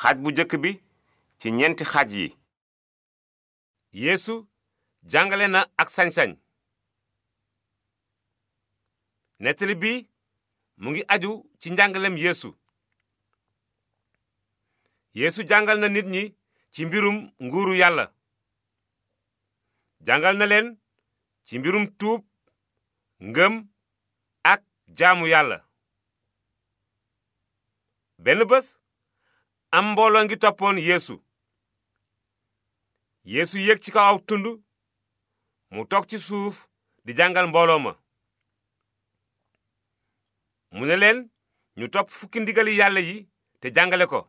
xaaj bu njëkk bi ci ñeenti xaaj yi yeesu jàngale na ak sañsañ sañ nettali bi mu ngi aju ci njàngalem yéesu yeesu jàngal na nit ñi ci mbirum nguuru yàlla jàngal na leen ci mbirum tuub ngëm ak jaamu yàlla benn bés am mbooloo ngi toppoon yeesu yeesu yéeg ci kawaw aw tund mu toog ci suuf di jàngal mbooloo ma mu ne leen ñu topp fukki ndigali yàlla yi te jàngale ko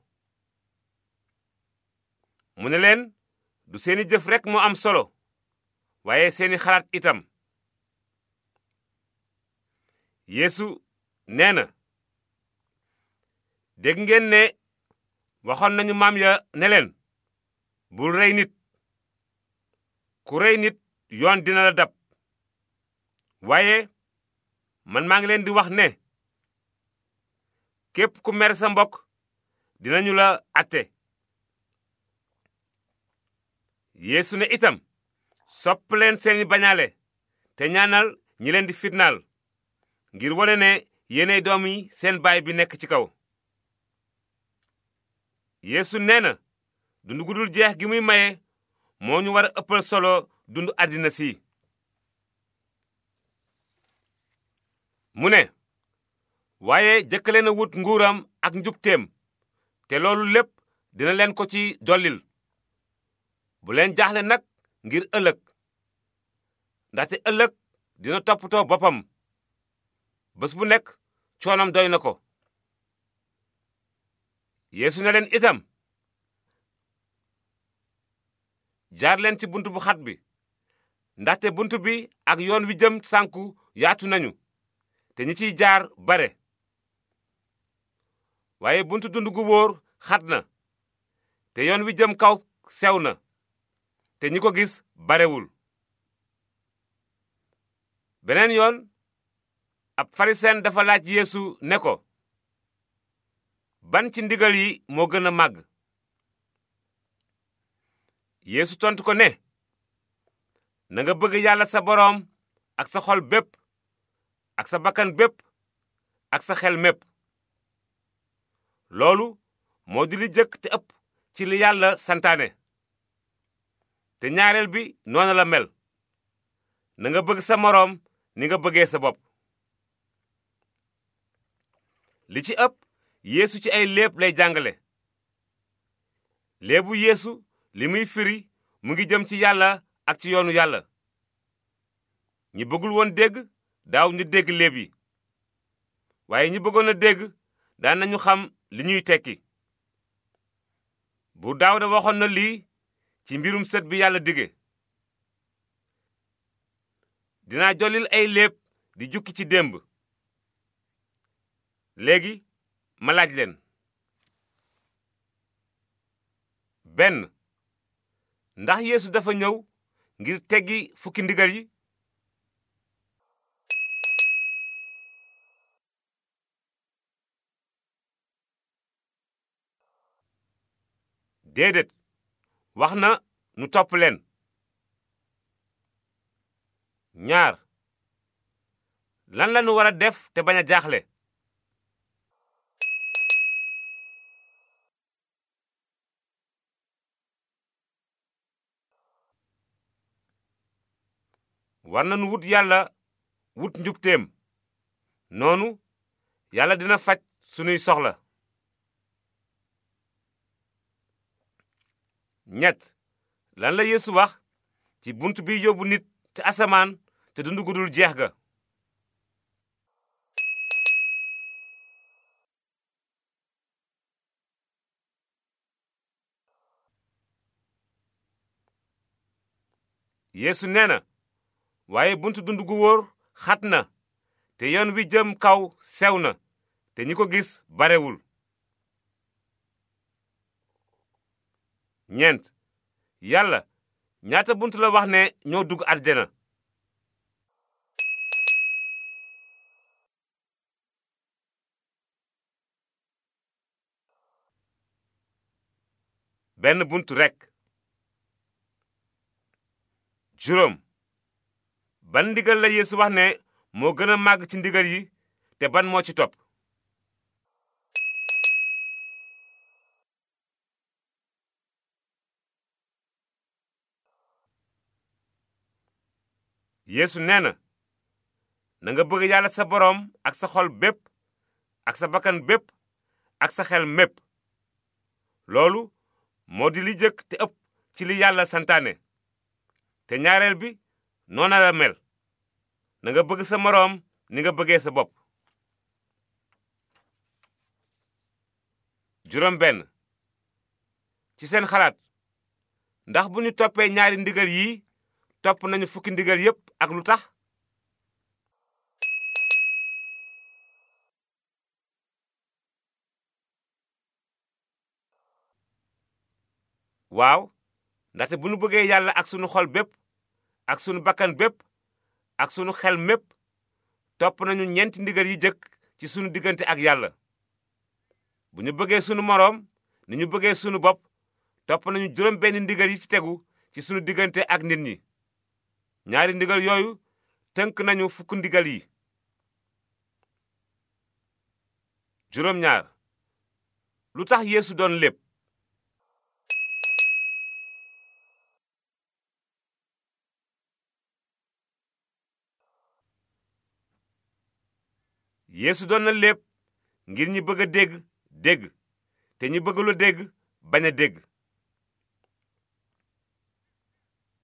mu ne leen du seeni jëf rekk mu am solo waaye seeni xalaat itam yéesu nee na dégg ngeen waxoon nañu maam ya ne leen bul rey nit ku rey nit yoon dina la dab waaye man maa ngi leen di wax ne képp ku mer sa mbokk dinañu la atte yeesu ne itam sopp leen seeni bañaale te ñaanal ñi leen di fitnaal ngir wone ne yéenay doomi seen baay bi nekk ci kaw yéesu nee na dund gu jeex gi muy maye moo ñu war a ëppal solo dund àddina si mu ne waaye jëkkale na wut nguuram ak njubtéem te loolu lépp dina leen ko ci dollil bu leen jaaxle nag ngir ëllëg ndaxte ëllëg dina toppatoo boppam bés bu nekk coonam doy na ko yéesu ne leen itam jaarleen ci bunt bu xat bi ndaxte bunt bi ak yoon wi jëm sànku yaatu nañu te ñi ciy jaar bare waaye bunt dund gu wóor xat na te yoon wi jëm kaw sew na te ñi ko gis barewul beneen yoon ab farisen dafa laaj yeesu ne ko ban ci ndigal yi moo gën a màgg yéesu tontu ko ne na bëgg yàlla sa boroom ak sa xol bépp ak sa bakkan bépp ak sa xel mépp loolu moo di li jëkk te ëpp ci li yàlla santaane te ñaareel bi noona la mel nanga bëgg sa moroom ni nga bëggee sa bopp ci ëpp yeesu ci ay léeb lay jàngale léebu yéesu li muy firi mu ngi jëm ci yàlla ak ci yoonu yàlla ñi bëggul woon dégg daaw ñu dégg léeb yi waaye ñi bëggoon a dégg daan nañu xam li ñuy tekki bu daawda waxoon na lii ci mbirum set bi yàlla dige dinaa jollil ay léeb di jukki ci démb léegi ma leen benn ndax yeesu dafa ñëw ngir teggi fukki ndigal yi déedéet wax na nu topp leen ñaar lan la nu war a def te bañ a jaaxle war nañu wut yàlla wut njubteem noonu yàlla dina faj sunuy soxla ñett lan la yéesu wax ci bunt bi yóbbu nit ci asamaan te dund gu jeex ga yeesu nee waaye buntu dund gu wóor xat na te yoon wi jëm kaw sew na te ñi ko gis barewul ñeent yàlla ñaata bunt la wax ne ñoo dugg àjjana benn bunt rekk juróom ban ndigal la yéesu wax ne moo gën a màgg ci ndigal yi te ban moo ci topp yéesu nee na nanga nga bëgg yàlla sa boroom ak sa xol bépp ak sa bakkan bépp ak sa xel mépp loolu moo di li jëkk te ëpp ci li yàlla santaane te ñaareel bi noona la mel na bëgg sa moroom ni nga bëggee sa bopp juróom ci seen xalaat ndax bu ñu toppee ñaari ndigal yi topp nañu fukki ndigal yépp ak lu tax waaw ndaxte bu ñu bëggee yàlla ak sunu xol bépp ak sunu bakkan bépp ak sunu xel mépp topp nañu ñeenti ndigal yi jëkk ci sunu diggante ak yàlla bu ñu bëggee sunu moroom ni ñu bëggee sunu bopp topp nañu juróom benn ndigal yi ci tegu ci sunu diggante ak nit ñi ñaari ndigal yooyu tënk nañu fukk ndigal yi juróom lu tax yéesu doon lépp yeesu doon na lépp ngir ñi bëgg a dégg dégg te ñi bëggul a dégg bañ a dégg